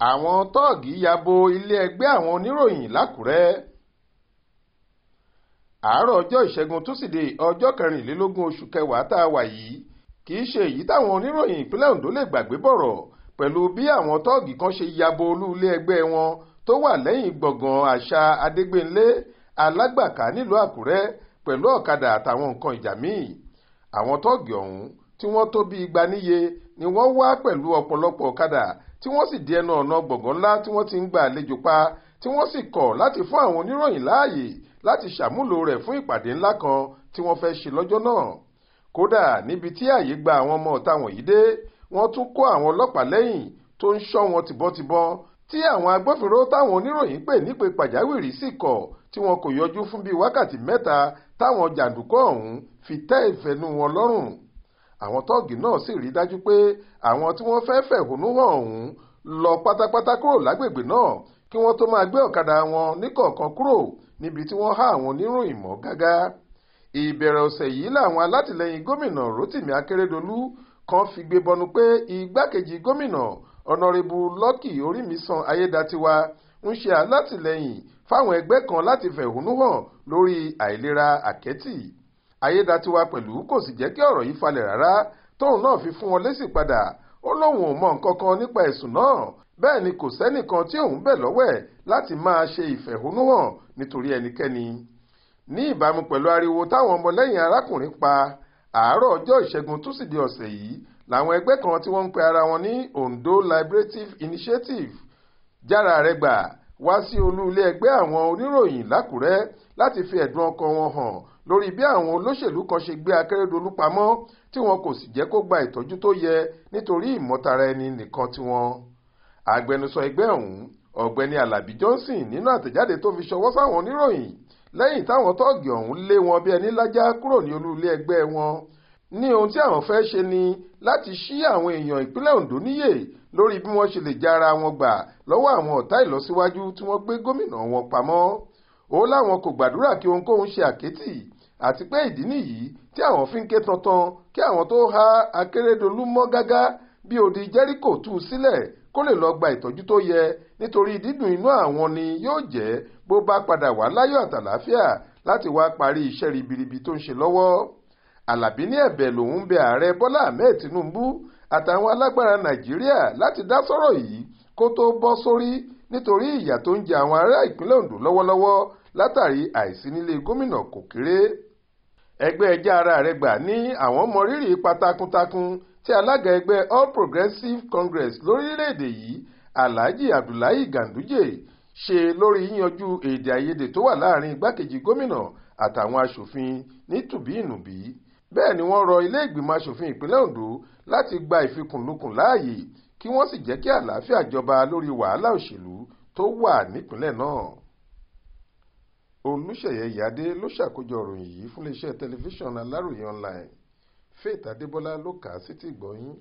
àwọn tóògì ya bo ilé ẹgbẹ́ àwọn oníròyìn lákùrẹ́ àárọ̀ ọjọ́ ìṣẹ́gun túsídẹ̀ẹ́ ọjọ́ kẹrìnlélógún oṣù kẹwàá tá a wà yìí kì í ṣe èyí táwọn oníròyìn ìpínlẹ̀ Ondo lè gbàgbé bọ̀rọ̀ pẹ̀lú bí àwọn tóògì kan ṣe ya bo olú ilé ẹgbẹ́ wọn tó wà lẹ́yìn gbọ̀ngàn àṣà Adégbénlé alágbàká nílùú Àkúrẹ́ pẹ̀lú ọ̀kadà àtàwọn nǹkan ìjà míì àwọn tóògì ọ̀hún tí wọ́n tó bí igba níye ni wọ́n wá pẹ̀lú ọ̀pọ̀lọpọ̀ ọ̀kadà tí wọ́n sì di ẹnu ọ̀nà gbọ̀ngàn ńlá tí wọ́n ti ń gba àlejò pa tí wọ́n sì kọ̀ láti fún àwọn oníròyìn láàyè láti ṣàmúlò rẹ̀ fún ìpàdé ńlá kan tí wọ́n fẹ́ ṣe lọ́jọ́ náà kódà níbi tí ààyè gba àwọn ọmọ ọ̀tá wọ̀nyí dé wọ́n tún kó àwọn ọlọ́pàá lẹ́yìn tó ń ṣọ́ wọn tìbọ́ntìbọ́n tí àwọn agbófinró táwọn oníròyìn pè nípe pàjáwìrì sì kọ̀ tí wọn kò yọjú fún bíi wákàtí mẹ́ta táwọn jàǹdùkú ọ̀hún fi tẹ́ ìfẹ́nu wọn lọ́rùn àwọn tọ́ọ̀gì náà sì rí dájú pé àwọn tí wọ́n fẹ́ẹ́ fẹ̀hónú hàn ọ̀hún lọ pátápátá kúrò lágbègbè náà kí wọ́n tó máa gbé ọ̀kadà wọn níkọ̀ọ̀kan kúrò níbi tí wọ́n há àwọn oníròyìn mọ́ gágá ìbẹ̀rẹ̀ ọ̀sẹ̀ yìí làwọn alátìlẹyìn gómìnà Rotimi Akeredolu kan fi gbé bọnu pé igbákejì gómìnà ọ̀nàrẹ́bù Lọ́kì Orímisan Ayédatiwa ń ṣe alátìlẹyìn fáwọn ẹgbẹ́ kan láti fẹ̀hónú hàn lórí àìlera àkẹ́tì ayédatiwa pẹ̀lú kò sì jẹ́ kí ọ̀rọ̀ yìí falẹ̀ rárá tóun náà fi fún wọn lésì padà ó lóun ò mọ nǹkan kan nípa ẹ̀sùn náà bẹ́ẹ̀ ni kò sẹ́nìkan tí òun bẹ̀ lọ́wọ́ ẹ̀ láti máa ṣe ìfẹ̀hónúhàn nítorí ẹnikẹ́ni ní ìbámu pẹ̀lú ariwo táwọn ọmọlẹ́yìn arákùnrin pa àárọ̀ ọjọ́ ìṣẹ́gun túsìdìí ọ̀sẹ̀ yìí làwọn ẹgbẹ́ kan tí wọ́n ń pe ara wọn ní Ondo Liberative Initiative jára rẹ gbà wá sí olú ilé ẹgbẹ́ àwọn oníròyìn lákùrẹ́ láti fi ẹ̀dùn ọkàn wọn hàn lórí bí àwọn olóṣèlú kan ṣe gbé akérèdọ́lù pamọ́ tí wọn kò sì jẹ́ kó gba ìtọ́jú tó yẹ nítorí ìmọ̀tara ẹni nìkan tiwọn. agbẹnusọ ẹgbẹ́ ọ̀hún ọ̀gbẹ́ni alábí johnson nínú àtẹ̀jáde tó fi ṣọwọ́ sáwọn oníròyìn lẹ́yìn táwọn tọ́ọ̀gì ọ̀hún lé wọn bí ẹni lájá kúrò ní olú ilé wọn ní ohun tí àwọn fẹ́ ṣe ni láti ṣí àwọn èèyàn ìpínlẹ̀ Ondo níyè lórí bí wọ́n ṣe lè já ara wọn gbà lọ́wọ́ àwọn ọ̀tá ìlọsíwájú tí wọ́n gbé gómìnà wọn pamọ́ ó láwọn kò gbàdúrà kí ohunkóhun ṣe àkẹ́tì àti pé ìdí nìyí tí àwọn fi ń ké tantan kí àwọn tó há Akérédolú mọ́ gágá bí odi Jẹ́ríkò tú u sílẹ̀ kó lè lọ gba ìtọ́jú tó yẹ nítorí dídùn inú àwọn ni yóò jẹ́ bó bá padà wá láyọ̀ àtàlàáfíà láti wá parí iṣẹ́ ribiribi tó ń ṣe lọ́wọ́ Àlàbí ní ẹ̀bẹ̀ lòun ń bẹ ààrẹ Bọ́lá Ahmed Tinubu àtàwọn alágbára Nàìjíríà láti dá sọ́rọ̀ yìí kó tó bọ́ sórí nítorí ìyà tó ń jẹ àwọn ará ìpínlẹ̀ Ondo lọ́wọ́lọ́wọ́ látàrí àìsí gómìnà kò kéré ẹgbẹ́ ẹja ara rẹ̀ gbà ní àwọn mọrírì ipa takuntakun tí alága ẹgbẹ́ All Progressives Congress lórílẹ̀‐èdè yìí Alhaji Abdullahi Ganduje ṣe lórí yíyanjú èdè àìyedè tó wà láàrin igbákejì gómìnà àtàwọn aṣòfin ní tùbíìnùbí bẹ́ẹ̀ ni wọ́n rọ ilé ìgbìmọ̀ aṣòfin ìpínlẹ̀ Ondo láti gba ìfikùnlukùn láàyè kí wọ́n sì jẹ́ kí àlàáfíà jọba lórí wàhálà òṣèlú tó wà nípìnlẹ̀ náà olùṣeyẹ yade, ló ṣàkójọ ìròyìn yìí fún iléeṣẹ́ tẹlifíṣàn aláròye online faith adébọlá ló kà á sétígbọ̀ọ́ yín